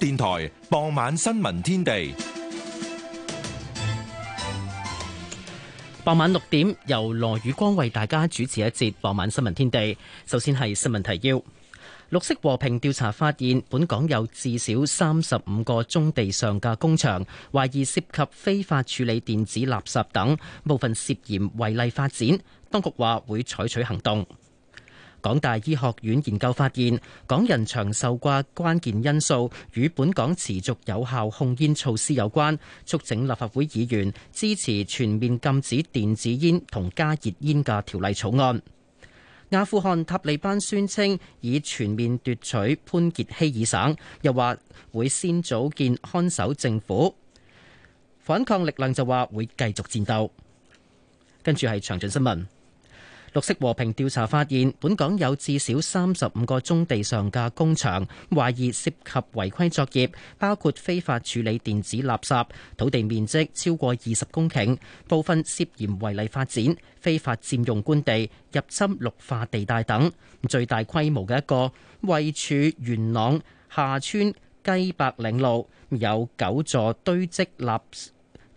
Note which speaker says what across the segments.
Speaker 1: 電台傍晚新聞天地，
Speaker 2: 傍晚六點由羅宇光為大家主持一節傍晚新聞天地。首先係新聞提要：綠色和平調查發現，本港有至少三十五個棕地上嘅工場，懷疑涉及非法處理電子垃圾等，部分涉嫌違例發展。當局話會採取行動。港大醫學院研究發現，港人長壽掛關鍵因素與本港持續有效控煙措施有關，促請立法會議員支持全面禁止電子煙同加熱煙嘅條例草案。阿富汗塔利班宣稱已全面奪取潘傑希爾省，又話會先組建看守政府。反抗力量就話會繼續戰鬥。跟住係詳盡新聞。綠色和平調查發現，本港有至少三十五個棕地上嘅工場，懷疑涉及違規作業，包括非法處理電子垃圾，土地面積超過二十公頃，部分涉嫌違例發展、非法佔用官地、入侵綠化地帶等。最大規模嘅一個，位處元朗廈村雞白嶺路，有九座堆積垃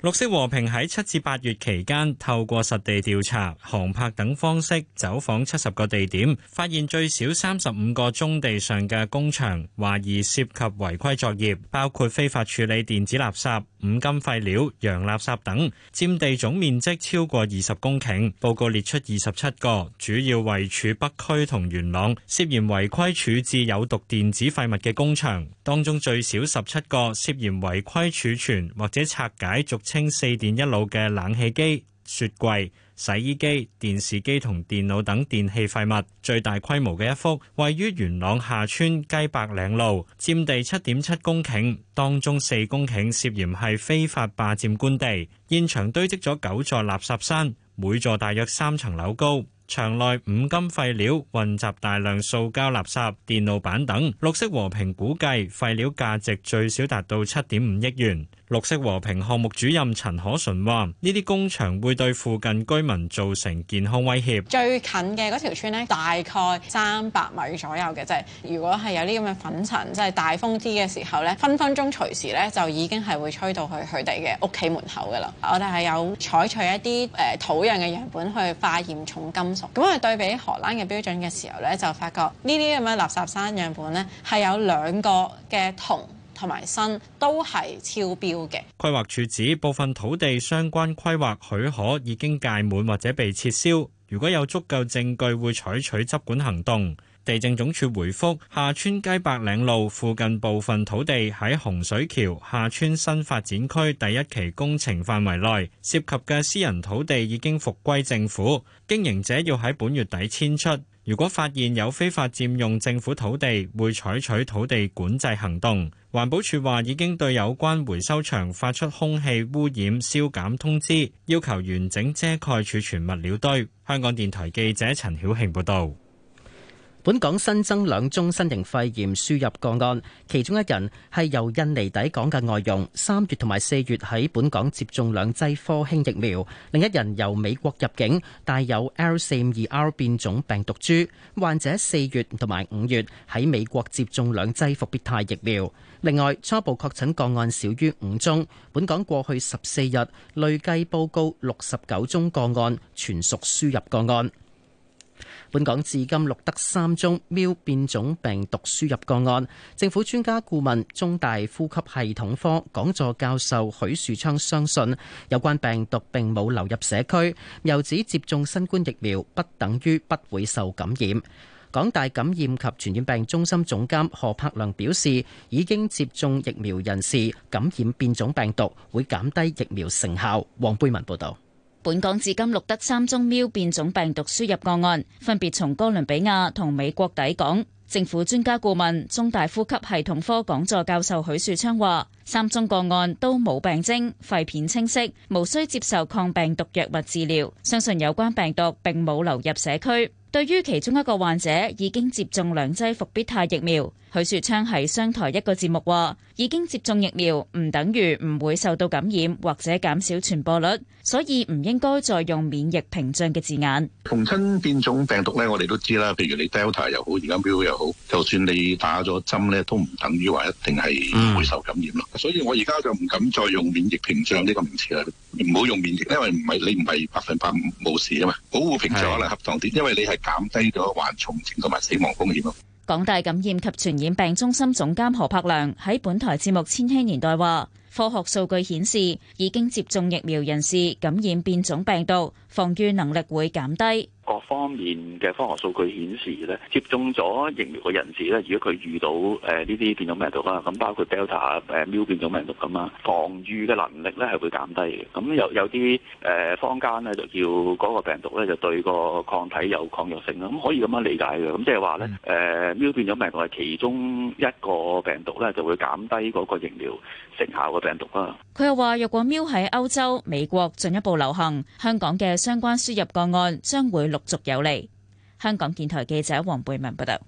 Speaker 3: 綠色和平喺七至八月期間，透過實地調查、航拍等方式走訪七十個地點，發現最少三十五個棕地上嘅工場，懷疑涉及違規作業，包括非法處理電子垃圾、五金廢料、洋垃圾等，佔地總面積超過二十公頃。報告列出二十七個，主要位處北區同元朗，涉嫌違規處置有毒電子廢物嘅工場，當中最少十七個涉嫌違規儲存或者拆解、逐。清四電一路嘅冷氣機、雪櫃、洗衣機、電視機同電腦等電器廢物，最大規模嘅一幅位於元朗下村雞白嶺路，占地七點七公頃，當中四公頃涉嫌係非法霸佔官地。現場堆積咗九座垃圾山，每座大約三層樓高，場內五金廢料混雜大量塑膠垃圾、電腦板等。綠色和平估計廢料價值最少達到七點五億元。綠色和平項目主任陳可純話：呢啲工場會對附近居民造成健康威脅。
Speaker 4: 最近嘅嗰條村呢，大概三百米左右嘅，即係如果係有啲咁嘅粉塵，即係大風啲嘅時候呢，分分鐘隨時呢，就已經係會吹到去佢哋嘅屋企門口噶啦。我哋係有採取一啲誒土壤嘅樣本去化驗重金屬，咁我哋對比荷蘭嘅標準嘅時候呢，就發覺呢啲咁嘅垃圾山樣本呢，係有兩個嘅銅。同埋新都係超標嘅。
Speaker 3: 規劃署指部分土地相關規劃許可已經屆滿或者被撤銷，如果有足夠證據會採取執管行動，地政總署回覆廈村街白嶺路附近部分土地喺洪水橋廈村新發展區第一期工程範圍內涉及嘅私人土地已經復歸政府，經營者要喺本月底遷出。如果發現有非法佔用政府土地，會採取土地管制行動。環保署話已經對有關回收場發出空氣污染消減通知，要求完整遮蓋儲存物料
Speaker 2: 堆。香港電台記者陳曉慶報導。本港新增兩宗新型肺炎輸入個案，其中一人係由印尼抵港嘅外傭，三月同埋四月喺本港接種兩劑科興疫苗；另一人由美國入境，帶有 L 四二 R 變種病毒株。患者四月同埋五月喺美國接種兩劑復必泰疫苗。另外，初步確診個案少於五宗。本港過去十四日累計報告六十九宗個案，全屬輸入個案。本港至今錄得三宗苗變種病毒輸入個案。政府專家顧問、中大呼吸系統科講座教授許樹昌相信，有關病毒並冇流入社區。又指接種新冠疫苗不等於不會受感染。港大感染及傳染病中心總監何柏良表示，已經接種疫苗人士感染變種病毒會減低疫苗成效。黃貝文報導。
Speaker 5: 本港至今錄得三宗喵變種病毒輸入個案，分別從哥倫比亞同美國抵港。政府專家顧問、中大呼吸系統科講座教授許樹昌話，三宗個案都冇病徵，肺片清晰，無需接受抗病毒藥物治療。相信有關病毒並冇流入社區。對於其中一個患者已經接種兩劑復必泰疫苗，許雪昌喺商台一個節目話，已經接種疫苗唔等於唔會受到感染或者減少傳播率，所以唔應該再用免疫屏障嘅字眼。同親變種病毒
Speaker 6: 咧，我哋都知啦，譬如你 Delta 又好，而家 Mu 又好，就算你打咗針咧，都唔等於話一定係唔會受感染咯。所以我而家就唔敢再用免疫屏障呢個名詞啦，唔好用免疫，因為唔係你唔係百分百冇事啊嘛。保護屏障可能恰當啲，因為你係。減低咗患重症同埋死亡風險咯。
Speaker 5: 港大感染及傳染病中心總監何柏良喺本台節目《千禧年代》話，科學數據顯示，已經接種疫苗人士感染變種病毒，防禦能力會減低。
Speaker 7: 各方面嘅科學數據顯示咧，接種咗疫苗嘅人士咧，如果佢遇到誒呢啲變種病毒啦，咁包括 Delta 誒喵變種病毒咁啊，防禦嘅能力咧係會減低嘅。咁有有啲誒坊間咧就叫嗰個病毒咧就對個抗體有抗藥性啦。咁可以咁樣理解嘅。咁即係話咧誒喵變種病毒係其中一個病毒咧就會減低嗰個疫苗成效嘅病毒啦。
Speaker 5: 佢又話，若果喵喺歐洲、美國進一步流行，香港嘅相關輸入個案將會。陸續有利。香港電台記者黃貝文報道，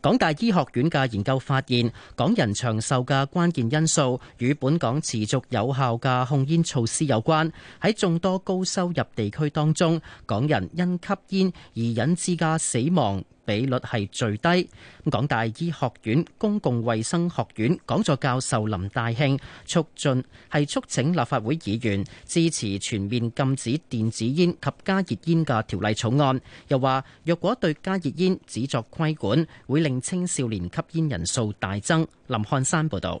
Speaker 2: 港大醫學院嘅研究發現，港人長壽嘅關鍵因素與本港持續有效嘅控煙措施有關。喺眾多高收入地區當中，港人因吸煙而引致嘅死亡，比率係最低。港大醫學院公共衛生學院講座教授林大慶促進係促請立法會議員支持全面禁止電子煙及加熱煙嘅條例草案。又話若果對加熱煙只作規管，會令青少年吸煙人數大增。林漢山報道。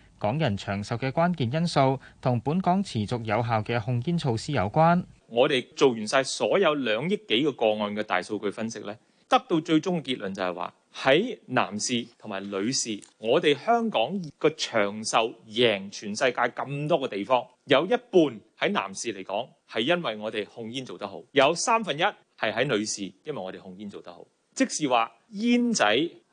Speaker 8: 港人長壽嘅關鍵因素同本港持續有效嘅控煙措施有關。
Speaker 3: 我哋做完晒所有兩億幾個個案嘅大數據分析咧，得到最終嘅結論就係話喺男士同埋女士，我哋香港個長壽贏全世界咁多個地方，有一半喺男士嚟講係因為我哋控煙做得好，有三分一係喺女士，因為我哋控煙做得好，即是話煙仔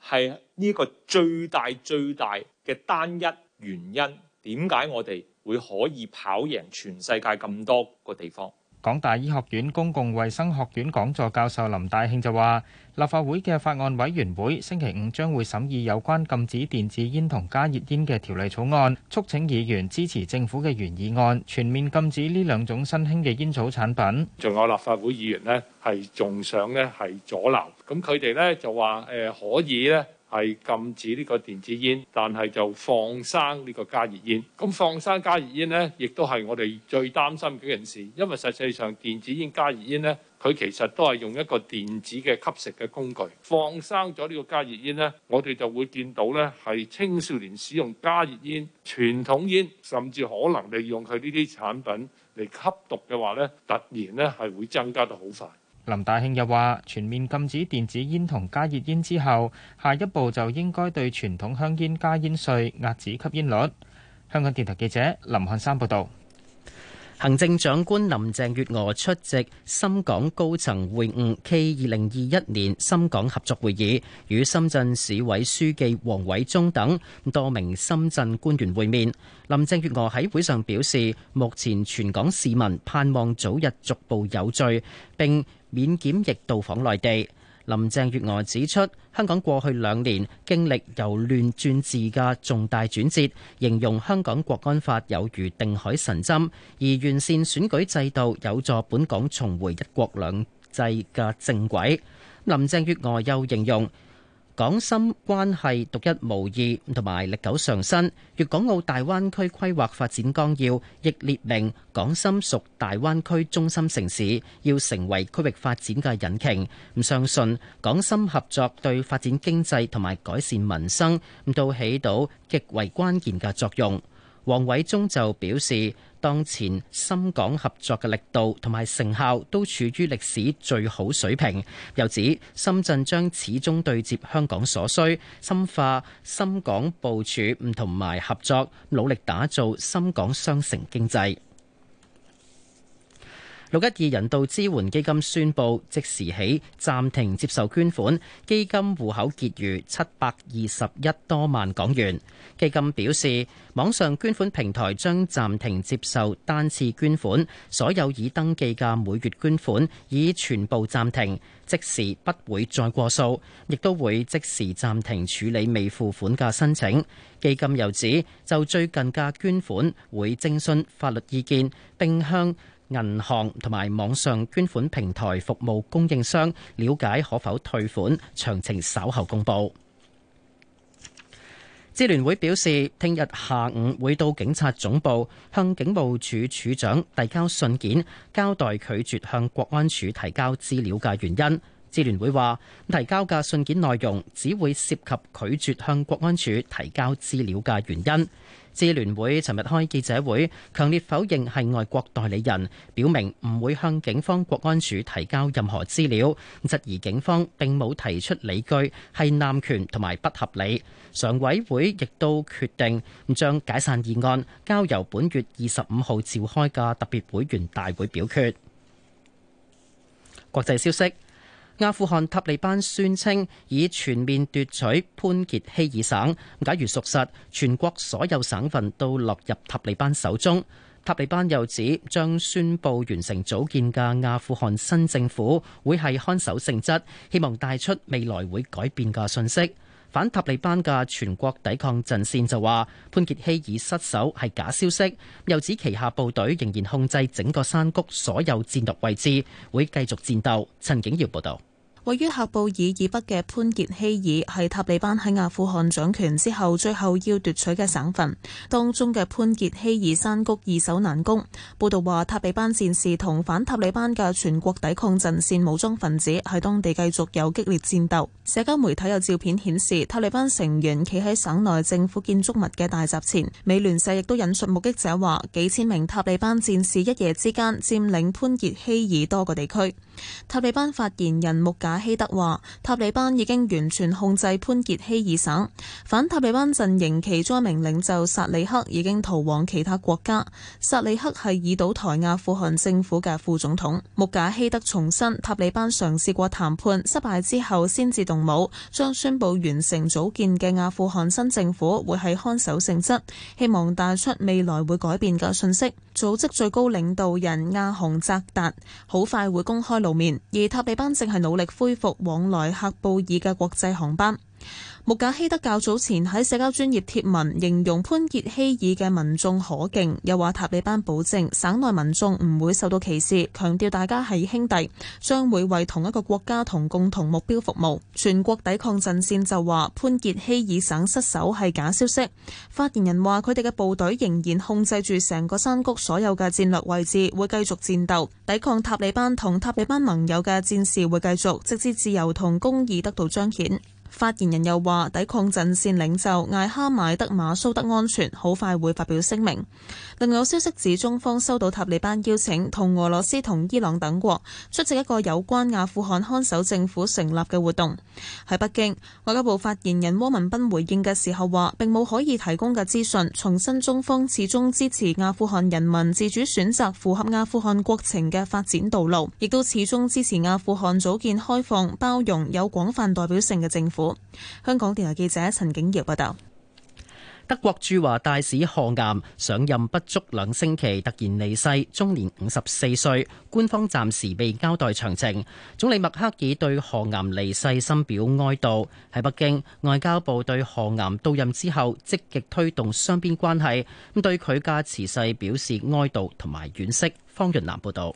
Speaker 3: 係呢個最大最大嘅單一。原因。點解我哋會可以跑贏全世界咁多個地方？
Speaker 8: 港大醫學院公共衛生學院講座教授林大慶就話：立法會嘅法案委員會星期五將會審議有關禁止電子煙同加熱煙嘅條例草案，促請議員支持政府嘅原議案，全面禁止呢兩種新興嘅煙草產品。仲有立法會議員呢，係仲想呢係阻撓，咁佢哋呢就話誒可以呢。係禁止呢個電子煙，但係就放生呢個加熱煙。咁放生加熱煙咧，亦都係我哋最擔心嘅一件事，因為實際上電子煙加熱煙咧，佢其實都係用一個電子嘅吸食嘅工具。放生咗呢個加熱煙咧，我哋就會見到咧係青少年使用加熱煙、傳統煙，甚至可能利用佢呢啲產品嚟吸毒嘅話咧，突然咧係會增加得好快。林大慶又話：全面禁止電子煙同加熱煙之後，下一步就應該對傳統香煙加煙稅，壓止吸煙率。香港電台記
Speaker 2: 者林漢山報導。行政長官林鄭月娥出席深港高層會晤暨2021年深港合作會議，與深圳市委書記王偉中等多名深圳官員會面。林鄭月娥喺會上表示，目前全港市民盼望早日逐步有序並。免檢疫到訪內地，林鄭月娥指出，香港過去兩年經歷由亂轉治嘅重大轉折，形容香港國安法有如定海神針，而完善選舉制度有助本港重回一國兩制嘅正軌。林鄭月娥又形容。港深關係獨一無二，同埋歷久常新。《粵港澳大灣區規劃發展綱要》亦列明，港深屬大灣區中心城市，要成為區域發展嘅引擎。唔相信，港深合作對發展經濟同埋改善民生，都起到極為關鍵嘅作用。王偉中就表示，當前深港合作嘅力度同埋成效都處於歷史最好水平。又指深圳將始終對接香港所需，深化深港部署唔同埋合作，努力打造深港雙城經濟。六一二人道支援基金宣布，即時起暫停接受捐款，基金戶口結餘七百二十一多萬港元。基金表示，網上捐款平台將暫停接受單次捐款，所有已登記嘅每月捐款已全部暫停，即時不會再過數，亦都會即時暫停處理未付款嘅申請。基金又指，就最近嘅捐款會徵詢法律意見，並向。銀行同埋網上捐款平台服務供應商了解可否退款，詳情稍後公布。支聯會表示，聽日下午會到警察總部向警務處處長遞交信件，交代拒絕向國安處提交資料嘅原因。支聯會話，提交嘅信件內容只會涉及拒絕向國安處提交資料嘅原因。支聯會尋日開記者會，強烈否認係外國代理人，表明唔會向警方、國安署提交任何資料，質疑警方並冇提出理據，係濫權同埋不合理。常委會亦都決定將解散議案交由本月二十五號召開嘅特別會員大會表決。國際消息。阿富汗塔利班宣稱已全面奪取潘傑希爾省。假如屬實，全國所有省份都落入塔利班手中。塔利班又指將宣布完成組建嘅阿富汗新政府會係看守性質，希望帶出未來會改變嘅信息。反塔利班嘅全國抵抗陣線就話潘傑希爾失守係假消息，又指旗下部隊仍然控制整個山谷所有戰略位置，會繼續戰鬥。陳景堯報道。
Speaker 9: 位於喀布爾以北嘅潘傑希爾係塔利班喺阿富汗掌權之後最後要奪取嘅省份，當中嘅潘傑希爾山谷易守難攻。報道話塔利班戰士同反塔利班嘅全國抵抗陣線武裝分子喺當地繼續有激烈戰鬥。社交媒體有照片顯示塔利班成員企喺省內政府建築物嘅大閘前。美聯社亦都引述目擊者話，幾千名塔利班戰士一夜之間佔領潘傑希爾多個地區。塔利班發言人目。」馬希德話：塔利班已經完全控制潘傑希爾省，反塔利班陣營其中一名領袖薩里克已經逃往其他國家。薩里克係已倒台嘅阿富汗政府嘅副總統。穆賈希德重申，塔利班嘗試過談判，失敗之後先至動武，將宣布完成組建嘅阿富汗新政府會係看守性質，希望帶出未來會改變嘅信息。組織最高領導人亞洪扎達好快會公開露面，而塔利班正係努力。恢復往來喀布爾嘅國際航班。穆賈希德較早前喺社交專頁貼文形容潘杰希爾嘅民眾可敬，又話塔利班保證省內民眾唔會受到歧視，強調大家係兄弟，將會為同一個國家同共同目標服務。全國抵抗陣線就話潘杰希爾省失守係假消息。發言人話佢哋嘅部隊仍然控制住成個山谷所有嘅戰略位置，會繼續戰鬥抵抗塔利班同塔利班盟友嘅戰士會繼續，直至自由同公義得到彰顯。發言人又話：抵抗陣線領袖艾哈邁德馬蘇德安全，好快會發表聲明。另有消息指中方收到塔利班邀請，同俄羅斯同伊朗等國出席一個有關阿富汗看守政府成立嘅活動。喺北京外交部發言人汪文斌回應嘅時候話：並冇可以提供嘅資訊。重申中方始終支持阿富汗人民自主選擇符合阿富汗國情嘅發展道路，亦都始終支持阿富汗組建開放、包容、有廣泛代表性嘅政府。香港電台記者陳景瑤報道：
Speaker 2: 德國駐華大使賀岩上任不足兩星期，突然離世，終年五十四歲。官方暫時未交代詳情。總理默克爾對賀岩離世深表哀悼。喺北京，外交部對賀岩到任之後積極推動雙邊關係，咁對佢家辭世表示哀悼同埋惋惜。方潤南報道。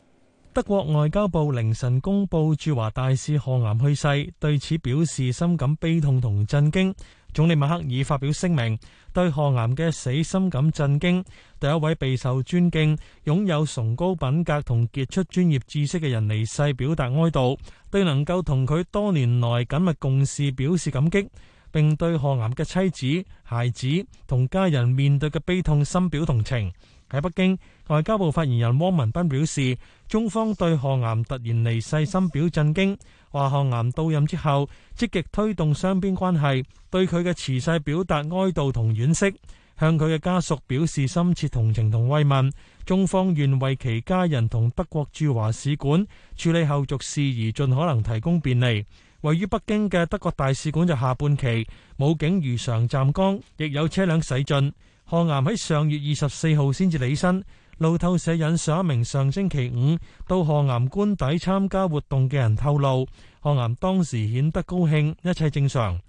Speaker 1: 德國外交部凌晨公布駐華大使賀岩去世，對此表示深感悲痛同震驚。總理默克爾發表聲明，對賀岩嘅死深感震驚，對一位備受尊敬、擁有崇高品格同傑出專業知識嘅人離世表達哀悼，對能夠同佢多年來緊密共事表示感激，並對賀岩嘅妻子、孩子同家人面對嘅悲痛深表同情。喺北京，外交部發言人汪文斌表示，中方對賀岩突然離世深表震驚，話賀岩到任之後，積極推動雙邊關係，對佢嘅辭世表達哀悼同惋惜，向佢嘅家屬表示深切同情同慰問，中方願為其家人同德國駐華使館處理後續事宜，盡可能提供便利。位於北京嘅德國大使館就下半旗，武警如常站崗，亦有車輛駛進。賀岩喺上月二十四號先至起身。路透社引上一名上星期五到賀岩官邸參加活動嘅人透露，賀岩當時顯得高興，一切正常。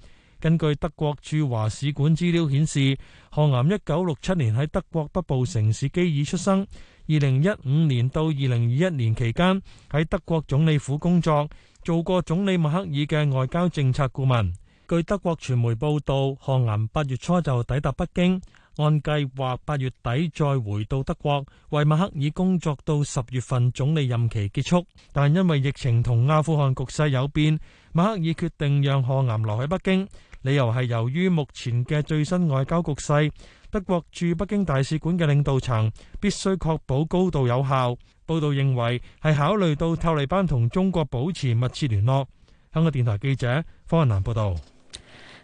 Speaker 1: 根據德國駐華使館資料顯示，賀岩一九六七年喺德國北部城市基爾出生。二零一五年到二零二一年期間喺德國總理府工作，做過總理默克爾嘅外交政策顧問。據德國傳媒報道，賀岩八月初就抵達北京。按計劃八月底再回到德國，為默克爾工作到十月份總理任期結束。但因為疫情同阿富汗局勢有變，默克爾決定讓賀岩留喺北京，理由係由於目前嘅最新外交局勢，德國駐北京大使館嘅領導層必須確保高度有效。報道認為係考慮到塔利班同中國保持密切聯絡。香港電台記者方雲南報導。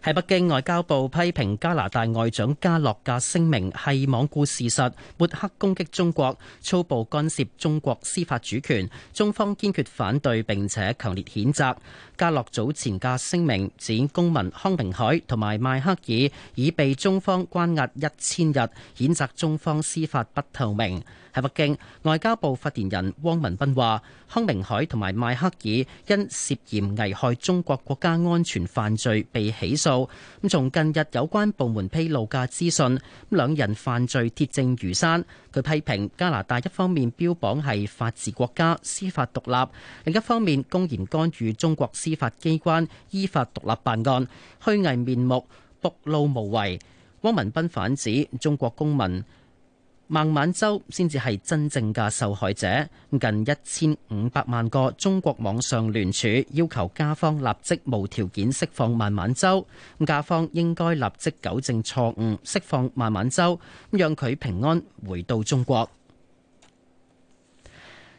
Speaker 2: 喺北京，外交部批評加拿大外長加洛嘅聲明係罔顧事實、抹黑攻擊中國，粗暴干涉中國司法主權，中方堅決反對並且強烈譴責。加洛早前嘅聲明指公民康明凱同埋邁克爾已被中方關押一千日，譴責中方司法不透明。喺北京，外交部發言人汪文斌話康明凱同埋邁克爾因涉嫌危害中國國家安全犯罪被起訴，咁從近日有關部門披露嘅資訊，兩人犯罪鐵證如山。佢批評加拿大一方面標榜係法治國家、司法獨立，另一方面公然干預中國司法機關依法獨立辦案，虛偽面目，暴露無遺。汪文斌反指中國公民。孟晚舟先至係真正嘅受害者，近一千五百萬個中國網上聯署要求加方立即無條件釋放孟晚舟，加方應該立即糾正錯誤，釋放孟晚舟，讓佢平安回到中國。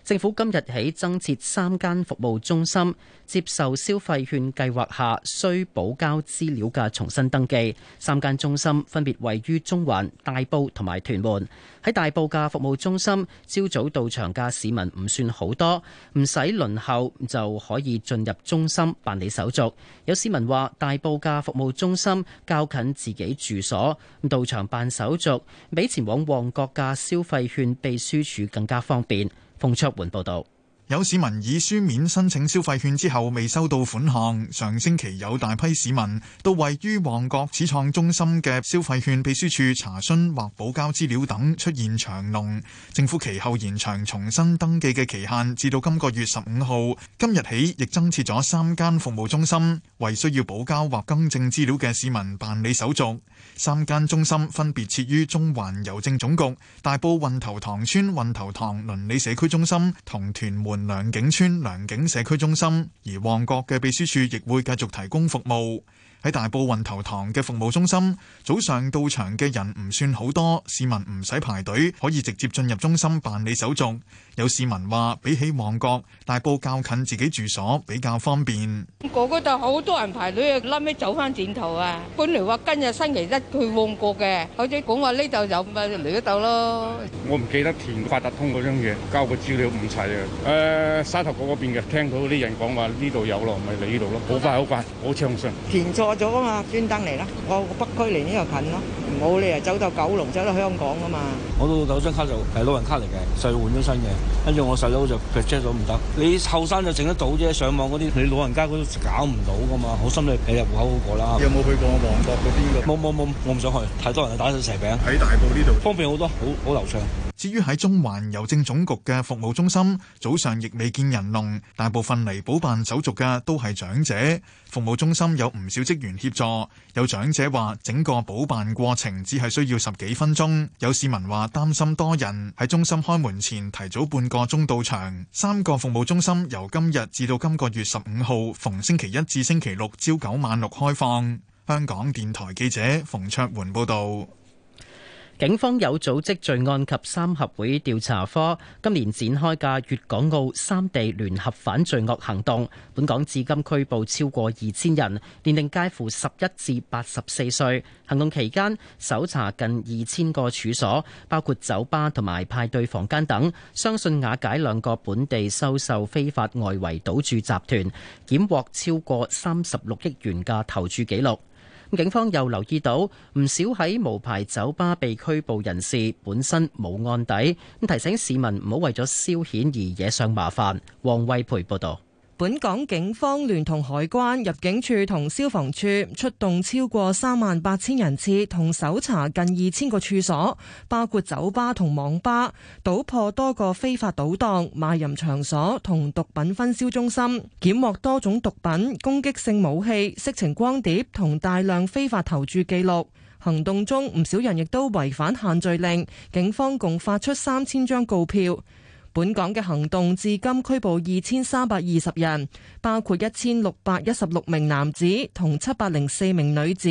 Speaker 2: 政府今日起增設三間服務中心，接受消費券計劃下需補交資料嘅重新登記。三間中心分別位於中環、大埔同埋屯門。喺大埔嘅服務中心，朝早到場嘅市民唔算好多，唔使輪候就可以進入中心辦理手續。有市民話：大埔嘅服務中心較近自己住所，到場辦手續比前往旺角嘅
Speaker 10: 消費券秘書處更加方便。馮卓桓報道。有市民以書面申請消費券之後未收到款項，上星期有大批市民到位於旺角始創中心嘅消費券秘書處查詢或補交資料等出現長龍。政府其後延長重新登記嘅期限至到今個月十五號。今日起亦增設咗三間服務中心，為需要補交或更正資料嘅市民辦理手續。三間中心分別設於中環郵政總局、大埔運頭塘村運頭塘鄰里社區中心同屯門良景邨良景社區中心，而旺角嘅秘書處亦會繼續提供服務。喺大埔運頭塘嘅服務中心，早上到場嘅人唔算好多，市民唔使排隊，可以直接進入中心辦理手續。有市民話：比起旺角，大埔較近自己住所，比較方便。
Speaker 11: 嗰度好多人排隊，臨尾走翻轉頭啊！本嚟話今日星期一去旺角嘅，好似講話呢度有咪嚟呢度咯。
Speaker 8: 我唔記得填八達通嗰張嘢，交個資料唔齊啊！誒、呃，沙頭角嗰邊嘅，聽
Speaker 10: 到啲人講話呢度有咯，咪嚟呢度咯。好快，好快，好暢順。
Speaker 3: 填錯咗啊嘛，專登嚟啦！我北區離呢度近咯。冇理由走到九龍，走到香港啊嘛！我老豆張卡就係老人卡嚟嘅，細佬換咗新嘅，跟住我細佬就撇車咗唔得。你後生就整
Speaker 7: 得到啫，上網嗰啲，你老人家嗰啲搞唔到噶嘛。心理你好，心先嚟入戶口好過啦。你有冇去過旺角嗰邊？冇冇冇，我唔想去，太多人打碎蛇餅。喺大埔呢度方便好多，好好流暢。
Speaker 10: 至於喺中環郵政總局嘅服務中心，早上亦未見人龍，大部分嚟補辦手續嘅都係長者。服務中心有唔少職員協助，有長者話整個補辦過程只係需要十幾分鐘。有市民話擔心多人喺中心開門前提早半個鐘到場。三個服務中心由今日至到今個月十五號，逢星期一至星期六朝九晚六開放。香港電台記者馮卓桓報導。警方有組織罪案及
Speaker 2: 三合會調查科今年展開嘅粵港澳三地聯合反罪惡行動，本港至今拘捕超過二千人，年齡介乎十一至八十四歲。行動期間搜查近二千個處所，包括酒吧同埋派對房間等，相信瓦解兩個本地收受非法外圍賭注集團，檢獲超過三十六億元嘅投注紀錄。警方又留意到，唔少喺無牌酒吧被拘捕人士本身冇案底，咁提醒市民唔好為咗消遣而惹上麻煩，黃惠培報道。
Speaker 12: 本港警方聯同海關、入境處同消防處出動超過三萬八千人次，同搜查近二千個處所，包括酒吧同網吧，搗破多個非法賭檔、賣淫場所同毒品分銷中心，檢獲多種毒品、攻擊性武器、色情光碟同大量非法投注記錄。行動中，唔少人亦都違反限聚令，警方共發出三千張告票。本港嘅行動至今拘捕二千三百二十人，包括一千六百一十六名男子同七百零四名女子，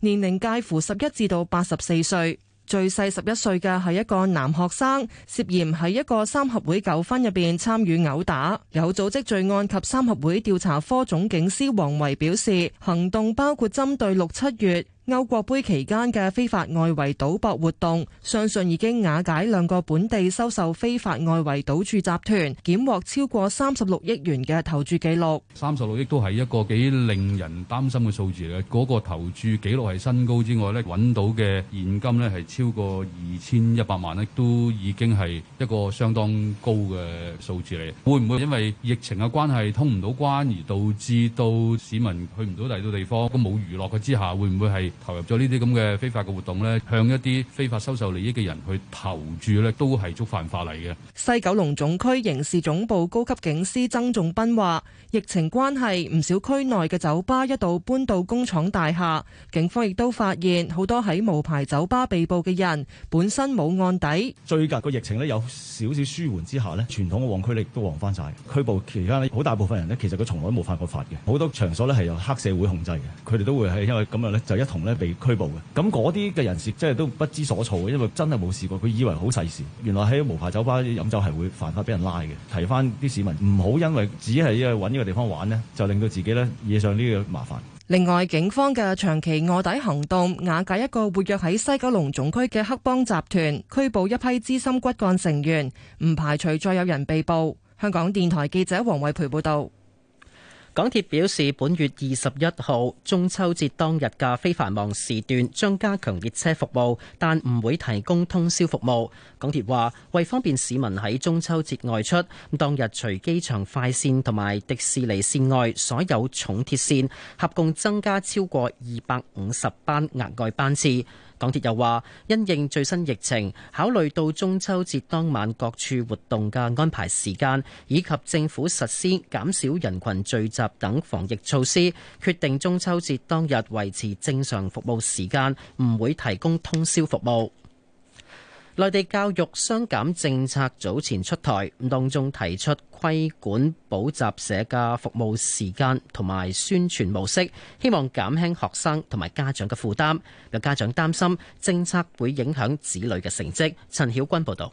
Speaker 12: 年齡介乎十一至到八十四歲，最細十一歲嘅係一個男學生，涉嫌喺一個三合會糾紛入邊參與毆打。有組織罪案及三合會調查科總警司黃維表示，行動包括針對六七月歐國盃期間嘅非法外圍賭博活動，相信已經瓦解兩個本地收受非法外圍賭注集團，檢獲超過三十六億元嘅投注記錄。
Speaker 10: 三十六億都係一個幾令人擔心嘅數字嘅，嗰個投注記錄係新高之外咧，搵到嘅現金咧係超過二千一百萬咧，都已經係一個相當高嘅數字嚟。會唔會因為疫情嘅關係通唔到關，而導致到市民去唔到第二度地方咁冇娛樂嘅之下，會唔會係？投入咗呢啲咁嘅非法嘅活動咧，向一啲非法收受利益嘅人去投注咧，都係觸犯法例嘅。
Speaker 12: 西九龍總區刑事總部高級警司曾仲斌話，疫情關係唔少區內嘅酒吧一度搬到工廠大廈，警方亦都發現好多喺無牌酒吧被捕嘅人本身冇案底。最
Speaker 1: 近個疫情咧有少少舒緩之下咧，傳統嘅旺區力都黃翻晒。拘捕期間咧，好大部分人咧其實佢從來冇犯過法嘅，好多場所咧係由黑社會控制嘅，佢哋都會係因為咁樣咧就一同。咧被拘捕嘅，咁嗰啲嘅人士真係都不知所措嘅，因為真係冇試過，佢以為好細事，原來喺無牌酒吧飲酒係會犯法，俾人拉嘅，提翻啲市民唔好因為只係因為揾呢個地方玩呢，就令到自己呢惹上呢個麻煩。
Speaker 12: 另外，警方嘅長期臥底行動，瓦解一個活躍喺西九龍總區嘅黑幫集團，拘捕一批資深骨幹成員，唔排除再有人被捕。香港電台記者黃惠培報道。
Speaker 2: 港鐵表示，本月二十一號中秋節當日嘅非繁忙時段將加強列車服務，但唔會提供通宵服務。港鐵話，為方便市民喺中秋節外出，咁當日除機場快線同埋迪士尼線外，所有重鐵線合共增加超過二百五十班額外班次。港鐵又話，因應最新疫情，考慮到中秋節當晚各處活動嘅安排時間，以及政府實施減少人群聚集等防疫措施，決定中秋節當日維持正常服務時間，唔會提供通宵服務。內地教育雙減政策早前出台，當中提出規管補習社嘅服務時間同埋宣傳模式，希望減輕學生同埋家長嘅負擔。有家長擔心政策會影響子女嘅成績。陳曉君報道。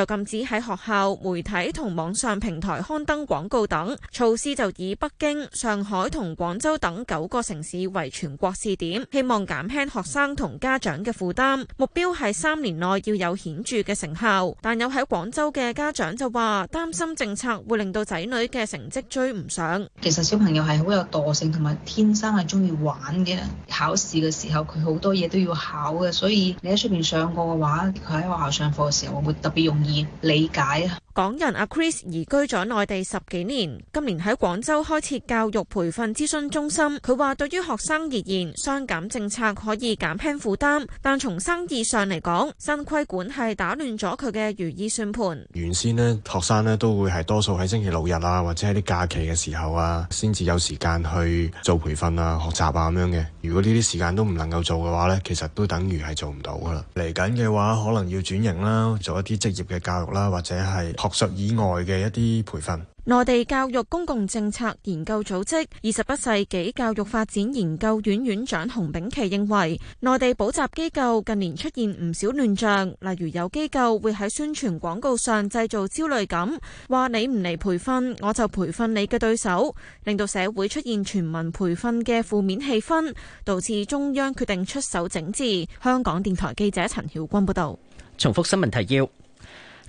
Speaker 4: 就禁止喺學校、媒體同網上平台刊登廣告等措施，就以北京、上海同廣州等九個城市為全國試點，希望減輕學生同家長嘅負擔，目標係三年內要有顯著嘅成效，但有喺廣州嘅家長就話擔心政策會令到仔女嘅成績追唔上。其實小朋友係好有惰性同埋天生係中意玩嘅，考試嘅時候佢好多嘢都要考嘅，所以你喺出邊上課嘅話，佢喺學校上課嘅時候我會特別用。易理解啊！港人阿 Chris 移居咗內地十幾年，今年喺廣州開設教育培訓諮詢中心。佢話對於學生而言，雙減政策可以減輕負擔，但從生意上嚟講，新規管係打亂咗佢嘅如意算盤。
Speaker 10: 原先咧，學生咧都會係多數喺星期六日啊，或者喺啲假期嘅時候啊，先至有時間去做培訓啊、學習啊咁樣嘅。如果呢啲時間都唔能夠做嘅話咧，其實都等於係做唔到噶啦。嚟緊嘅話，可能要轉型啦，做一啲職業嘅教育啦，或者係。學術以外嘅一啲培訓。
Speaker 4: 內地教育公共政策研究組織、二十一世紀教育發展研究院院長熊丙奇認為，內地補習機構近年出現唔少亂象，例如有機構會喺宣傳廣告上製造焦慮感，話你唔嚟培訓，我就培訓你嘅對手，令到社會出現全民培訓嘅負面氣氛，導致中央決定出手整治。香港電台記者陳曉君報道。
Speaker 2: 重複新聞提要。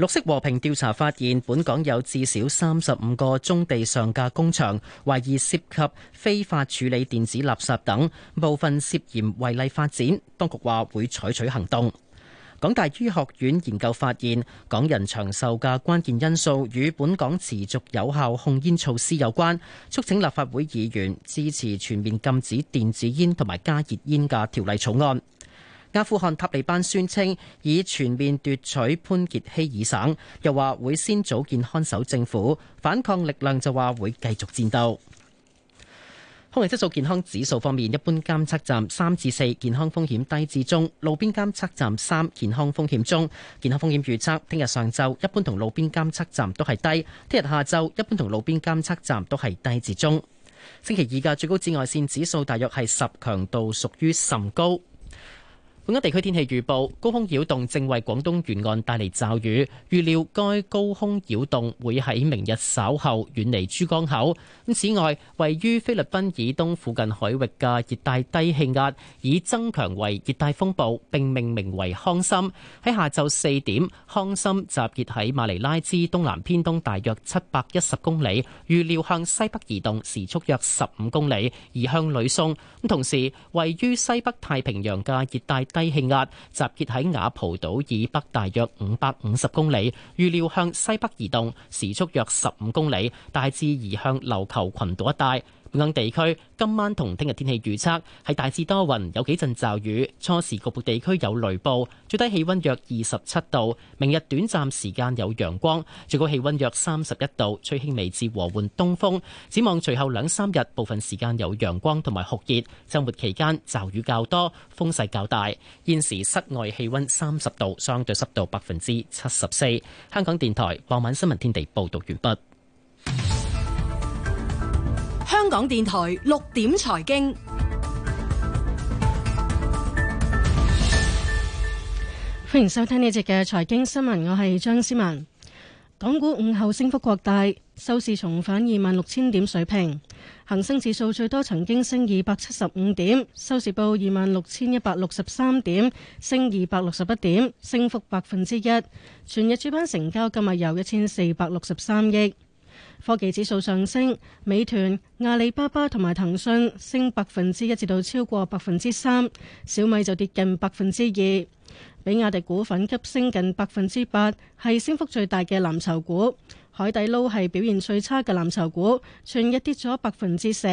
Speaker 2: 綠色和平調查發現，本港有至少三十五個中地上架工場，懷疑涉，涉及非法處理電子垃圾等，部分涉嫌違例發展。當局話會採取行動。港大醫學院研究發現，港人長壽嘅關鍵因素與本港持續有效控煙措施有關，促請立法會議員支持全面禁止電子煙同埋加熱煙嘅條例草案。阿富汗塔利班宣稱已全面奪取潘傑希爾省，又話會先組建看守政府。反抗力量就話會繼續戰鬥。空氣質素健康指數方面，一般監測站三至四，健康風險低至中；路邊監測站三，健康風險中。健康風險預測：聽日上晝一般同路邊監測站都係低；聽日下晝一般同路邊監測站都係低至中。星期二嘅最高紫外線指數大約係十，強度屬於甚高。本港地區天氣預報，高空擾動正為廣東沿岸帶嚟驟雨。預料該高空擾動會喺明日稍後遠離珠江口。咁此外，位於菲律賓以東附近海域嘅熱帶低氣壓已增強為熱帶風暴，並命名為康森。喺下晝四點，康森集結喺馬尼拉之東南偏東大約七百一十公里，預料向西北移動，時速約十五公里，移向呂宋。咁同時，位於西北太平洋嘅熱帶低氣壓集結喺雅浦島以北大約五百五十公里，預料向西北移動，時速約十五公里，大致移向琉球群島一帶。本港地區今晚同聽日天氣預測係大致多雲，有幾陣驟雨，初時局部地區有雷暴，最低氣溫約二十七度。明日短暫時間有陽光，最高氣溫約三十一度，吹輕微至和緩東風。展望隨後兩三日，部分時間有陽光同埋酷熱，週末期間驟雨較多，風勢較大。現時室外氣溫三十度，相對濕度百分之七十四。香港電台傍晚新聞天地報道完畢。
Speaker 13: 香港電台六點財經，歡迎收聽呢一節嘅財經新聞。我係張思文。港股午後升幅擴大，收市重返二萬六千點水平。恒生指數最多曾經升二百七十五點，收市報二萬六千一百六十三點，升二百六十一點，升幅百分之一。全日主板成交今日有一千四百六十三億。科技指數上升，美團、阿里巴巴同埋騰訊升百分之一至到超過百分之三，小米就跌近百分之二。比亞迪股份急升近百分之八，係升幅最大嘅藍籌股。海底撈係表現最差嘅藍籌股，全日跌咗百分之四。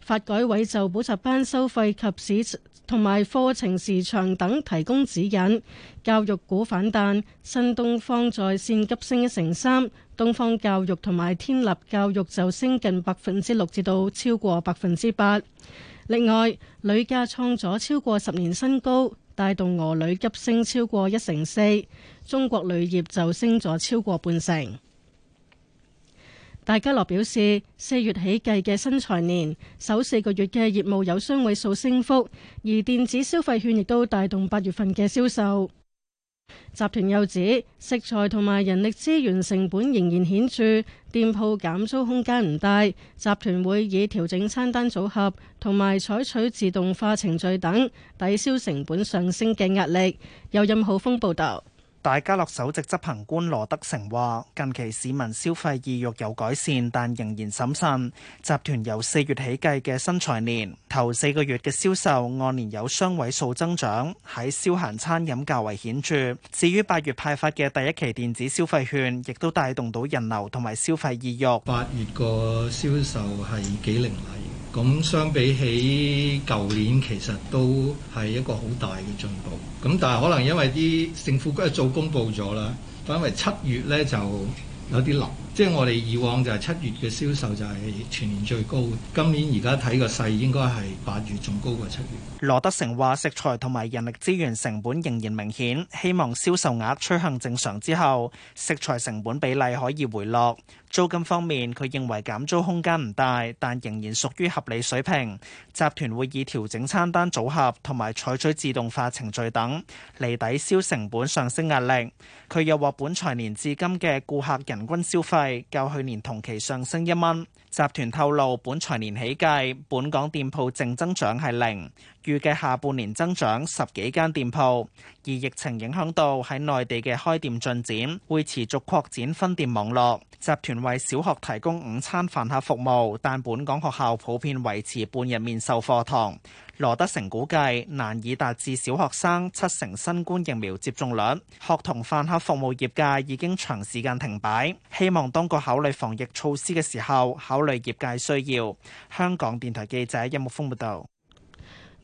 Speaker 13: 發改委就補習班收費及市同埋課程時長等提供指引，教育股反彈，新東方在線急升一成三，東方教育同埋天立教育就升近百分之六，至到超過百分之八。另外，鋁價創咗超過十年新高，帶動俄鋁急升超過一成四，中國鋁業就升咗超過半成。大家樂表示，四月起計嘅新財年首四個月嘅業務有雙位數升幅，而電子消費券亦都帶動八月份嘅銷售。集團又指，食材同埋人力資源成本仍然顯著，店鋪減租空間唔大。集團會以調整餐單組合同埋採取自動化程序等，抵消成本上升嘅壓力。有任浩峰報導。
Speaker 6: 大家樂首席執行官羅德成話：近期市民消費意欲有改善，但仍然審慎。集團由四月起計嘅新財年頭四個月嘅銷售按年有雙位數增長，喺消閒餐飲較為顯著。至於八月派發嘅第一期電子消費券，亦都帶動到人流同埋消費意欲。八月個銷售
Speaker 8: 係幾凌厲。咁相比起舊年，其實都係一個好大嘅進步。咁但係可能因為啲政府今日做公布咗啦，因為七月咧就有啲冷，即係我哋以往就係七月嘅銷售就係全年最高。今年而家睇個勢，應該係八月仲高過七月。
Speaker 6: 羅德成話，食材同埋人力資源成本仍然明顯，希望銷售額趨向正常之後，食材成本比例可以回落。租金方面，佢認為減租空間唔大，但仍然屬於合理水平。集團會以調整餐單組合同埋採取自動化程序等嚟抵消成本上升壓力。佢又話，本財年至今嘅顧客人均消費較去年同期上升一蚊。集團透露，本財年起計，本港店鋪淨增長係零，預計下半年增長十幾間店鋪。而疫情影響到喺內地嘅開店進展，會持續擴展分店網絡。集團。為小學提供午餐飯盒服務，但本港學校普遍維持半日面授課堂。羅德成估計難以達至小學生七成新冠疫苗接種率。學童飯盒服務業界已經長時間停擺，希望當局考慮防疫措施嘅時候，考慮業界需要。香港電台記者任木峰報道。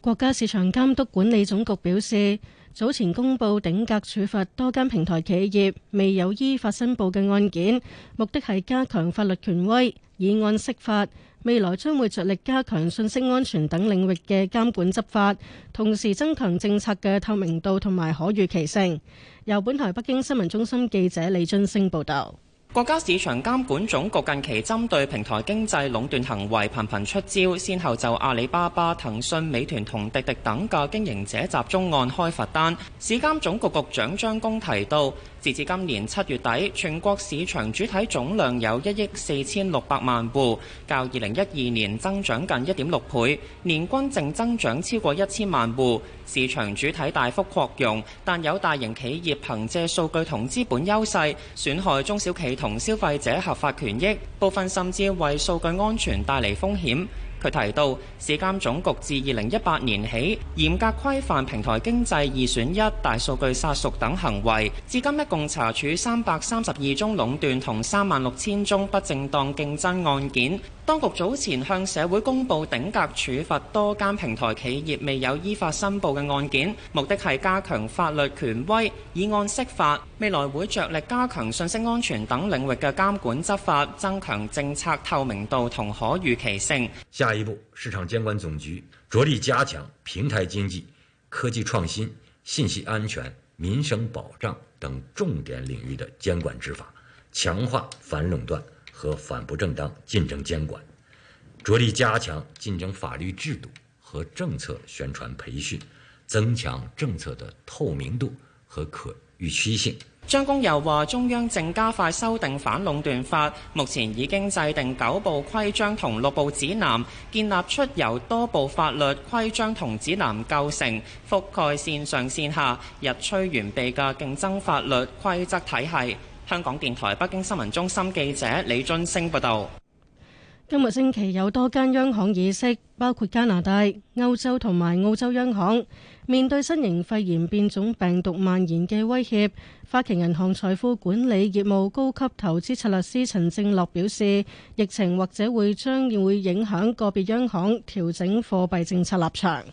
Speaker 13: 國家市場監督管理總局表示，早前公布頂格處罰多間平台企業未有依法申報嘅案件，目的係加強法律權威，以案釋法。未來將會着力加強信息安全等領域嘅監管執法，同時增強政策嘅透明度同埋可預期性。由本台北京新聞中心記者李津升報道。
Speaker 14: 國家市場監管總局近期針對平台經濟壟斷行為頻頻出招，先後就阿里巴巴、騰訊、美團同滴滴等嘅經營者集中案開罰單。市監總局局長張工提到，截至今年七月底，全國市場主體總量有一億四千六百萬戶，較二零一二年增長近一點六倍，年均淨增長超過一千萬戶。市場主體大幅擴容，但有大型企業憑藉數據同資本優勢，損害中小企同消費者合法權益，部分甚至為數據安全帶嚟風險。佢提到，市監總局自二零一八年起嚴格規範平台經濟二選一、大數據殺熟等行為，至今一共查處三百三十二宗壟斷同三萬六千宗不正當競爭案件。當局早前向社會公布頂格處罰多間平台企業未有依法申報嘅案件，目的係加強法律權威，以案釋法。未來會着力加強信息安全等領域嘅監管執法，增強政策透明度同可
Speaker 7: 預期性。下一步，市場監管總局着力加強平台經濟、科技創新、信息安全、民生保障等重點領域嘅監管執法，強化反壟斷。和反不正當競爭監管，着力加強競爭法律制度和政策宣傳培訓，增強政策的透明度和可預期性。
Speaker 14: 張公又話，中央正加快修訂反壟斷法，目前已經制定九部規章同六部指南，建立出由多部法律、規章同指南構成、覆蓋綫上綫下、日趨完備嘅競爭法律規則體系。香港電台北京新聞中心記者李俊升報道：
Speaker 13: 今個星期有多間央行議息，包括加拿大、歐洲同埋澳洲央行。面對新型肺炎變種病毒蔓延嘅威脅，花旗銀行財富管理業務高級投資策略師陳正樂表示，疫情或者會將會影響個別央行調整貨幣政策立場。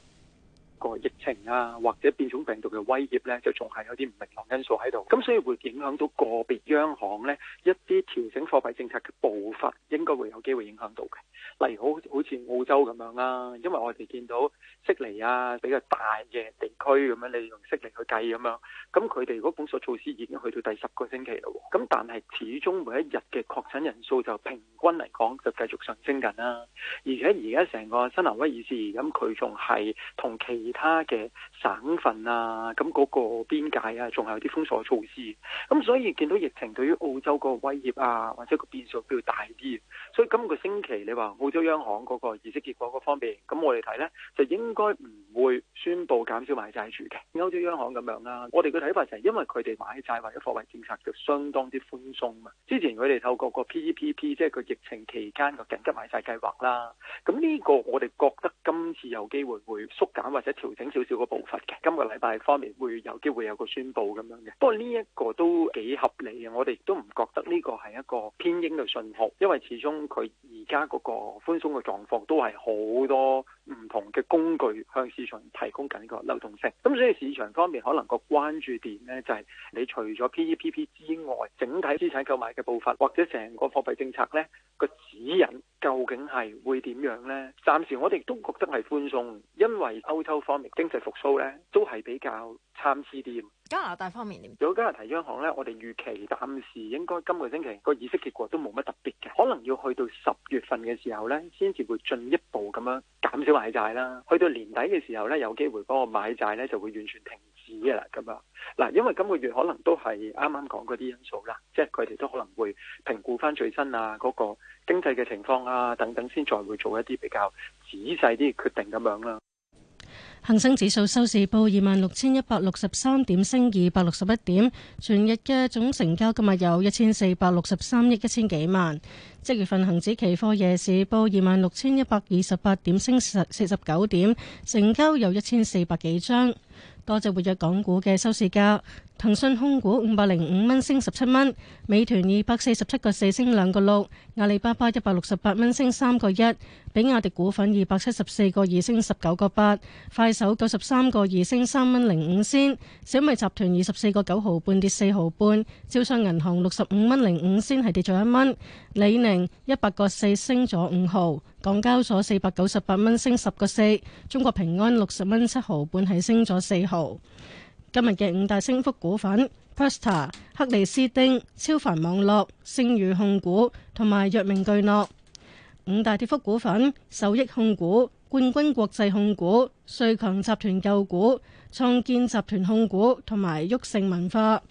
Speaker 13: 個疫情
Speaker 7: 啊，或者變種病毒嘅威脅咧，就仲係有啲唔明朗因素喺度，咁所以會影響到個別央行咧一啲調整貨幣政策嘅步伐，應該會有機會影響到嘅。例如好好似澳洲咁樣啦、啊，因為我哋見到悉尼啊比較大嘅地區咁樣，你用悉尼去計咁樣，咁佢哋嗰款所措施已經去到第十個星期啦、啊。咁但係始終每一日嘅確診人數就平均嚟講就繼續上升緊、啊、啦。而且而家成個新南威爾士咁，佢仲係同期。其他嘅省份啊，咁嗰個邊界啊，仲係有啲封鎖措施。咁所以見到疫情對於澳洲個威脅啊，或者個變數比較大啲。所以今個星期你話澳洲央行嗰個議息結果嗰方面，咁我哋睇咧就應該唔會宣布減少買債住嘅。歐洲央行咁樣啦、啊，我哋嘅睇法就係因為佢哋買債或者貨幣政策就相當之寬鬆啊。之前佢哋透過個、PP、PPP 即係佢疫情期間個緊急買債計劃啦。咁呢個我哋覺得今次有機會會縮減或者。調整少少個步伐嘅，今個禮拜方面會有機會有個宣佈咁樣嘅。不過呢一個都幾合理嘅，我哋都唔覺得呢個係一個偏鷹嘅信號，因為始終佢而家嗰個寬鬆嘅狀況都係好多唔同嘅工具向市場提供緊個流動性。咁所以市場方面可能個關注點呢，就係，你除咗 PEPP 之外，整體資產購買嘅步伐或者成個貨幣政策呢個指引究竟係會點樣呢？暫時我哋都覺得係寬鬆，因為歐洲。方面經濟復甦咧，都係比較參差啲。
Speaker 2: 加拿大方面點？
Speaker 7: 如果加拿大央行咧，我哋預期暫時應該今個星期個議息結果都冇乜特別嘅，可能要去到十月份嘅時候咧，先至會進一步咁樣減少買債啦。去到年底嘅時候咧，有機會嗰個買債咧就會完全停止嘅啦。咁啊，嗱，因為今個月可能都係啱啱講嗰啲因素啦，即係佢哋都可能會評估翻最新啊，嗰、那個經濟嘅情況啊等等，先再會做一啲比較仔細啲決定咁樣啦。
Speaker 13: 恒生指數收市報二萬六千一百六十三點，升二百六十一點。全日嘅總成交今日有一千四百六十三億一千幾萬。即月份恒指期貨夜市報二萬六千一百二十八點，升四十九點，成交有一千四百幾張。多隻活躍港股嘅收市價。騰訊控股五百零五蚊升十七蚊，美團二百四十七個四升兩個六，阿里巴巴一百六十八蚊升三個一，比亞迪股份二百七十四個二升十九個八，快手九十三個二升三蚊零五仙，小米集團二十四個九毫半跌四毫半，招商銀行六十五蚊零五仙係跌咗一蚊，李寧一百個四升咗五毫，港交所四百九十八蚊升十個四，中國平安六十蚊七毫半係升咗四毫。今日嘅五大升幅股份：Pasta、克利斯丁、超凡網絡、星宇控股同埋藥明巨諾；五大跌幅股份：受益控股、冠軍國際控股、瑞強集團舊股、創建集團控股同埋旭盛文化。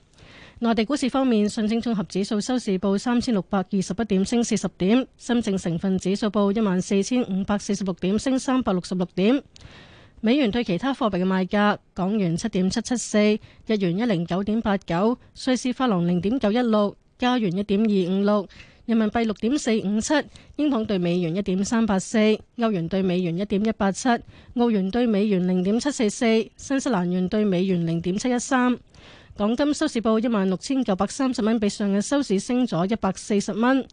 Speaker 13: 內地股市方面，上證綜合指數收市報三千六百二十一點，升四十點；深證成分指數報一萬四千五百四十六點，升三百六十六點。美元對其他貨幣嘅賣價：港元七點七七四，日元一零九點八九，瑞士法郎零點九一六，加元一點二五六，人民幣六點四五七，英鎊兌美元一點三八四，歐元兌美元一點一八七，澳元兌美元零點七四四，新西蘭元兌美元零點七一三。港金收市報一萬六千九百三十蚊，比上日收市升咗一百四十蚊。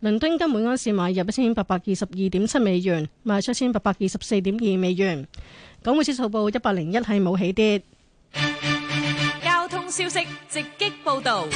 Speaker 13: 倫敦金每安士買入一千八百二十二點七美元，賣出一千八百二十四點二美元。港股指數報一百零一，係冇起跌。
Speaker 12: 交通消息，直擊報道。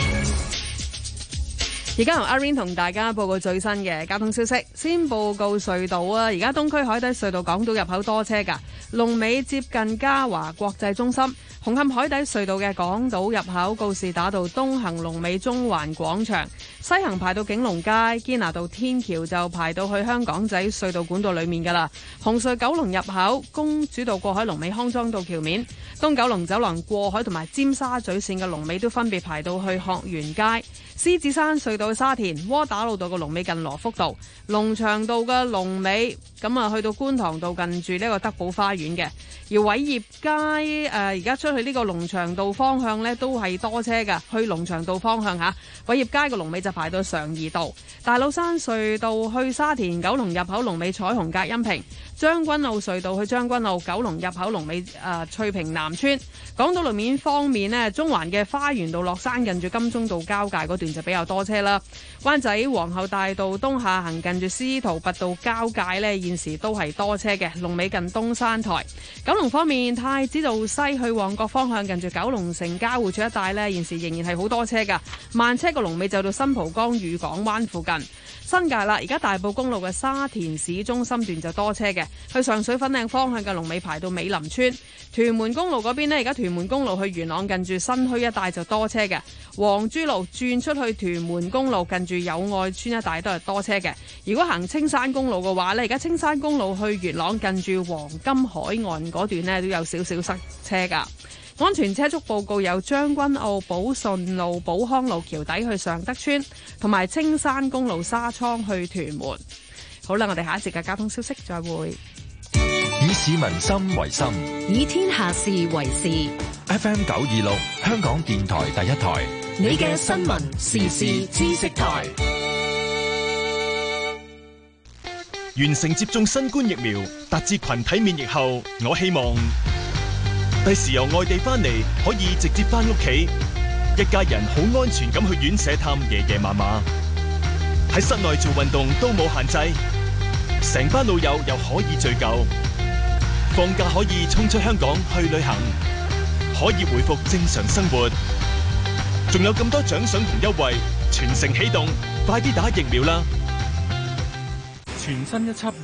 Speaker 11: 而家由阿 Win 同大家報告最新嘅交通消息。先報告隧道啊！而家東區海底隧道港島入口多車噶，龍尾接近嘉華國際中心。紅磡海底隧道嘅港島入口告士打道東行龍尾中環廣場，西行排到景隆街堅拿道天橋就排到去香港仔隧道管道裏面噶啦。紅隧九龍入口公主道過海龍尾康莊道橋面，東九龍走廊過海同埋尖沙咀綫嘅龍尾都分別排到去學園街。獅子山隧道沙田窩打老道嘅龍尾近羅福道，龍翔道嘅龍尾咁啊，去到觀塘道近住呢個德寶花園嘅。而偉業街誒，而、呃、家出去呢個龍翔道方向呢，都係多車噶。去龍翔道方向吓，偉、啊、業街嘅龍尾就排到常怡道。大老山隧道去沙田九龍入口龍尾彩虹隔音屏。將軍澳隧道去將軍澳九龍入口龍尾誒、翠屏南村。港島路面方面咧，中環嘅花園道落山近住金鐘道交界嗰段就比較多車啦。灣仔皇后大道東下行近住司徒拔道交界呢，現時都係多車嘅。龍尾近東山台。九龍方面，太子道西去旺角方向近住九龍城交匯處一帶呢，現時仍然係好多車噶。慢車個龍尾就到新蒲崗御港灣附近。新界啦，而家大埔公路嘅沙田市中心段就多車嘅，去上水粉嶺方向嘅龍尾排到美林村。屯門公路嗰邊呢，而家屯門公路去元朗近住新墟一帶就多車嘅。黃珠路轉出去屯門公路，近住友愛村一帶都係多車嘅。如果行青山公路嘅話呢，而家青山公路去元朗近住黃金海岸嗰段呢，都有少少塞車噶。安全車速報告，有將軍澳寶順路、寶康路橋底去尚德村，同埋青山公路沙倉去屯門。好啦，我哋下一節嘅交通消息，再會。
Speaker 7: 以市民心為心，
Speaker 11: 以天下事
Speaker 6: 為事。
Speaker 7: F M 九二六，香港電台第一台，
Speaker 6: 你嘅新聞時事知識台。
Speaker 10: 完成接種新冠疫苗，達至群體免疫後，我希望。第時由外地翻嚟，可以直接翻屋企，一家人好安全咁去院舍探爺爺嫲嫲，喺室內做運動都冇限制，成班老友又可以聚舊，放假可以衝出香港去旅行，可以回復正常生活，仲有咁多獎賞同優惠，全城起動，快啲打疫苗啦！全新一輯。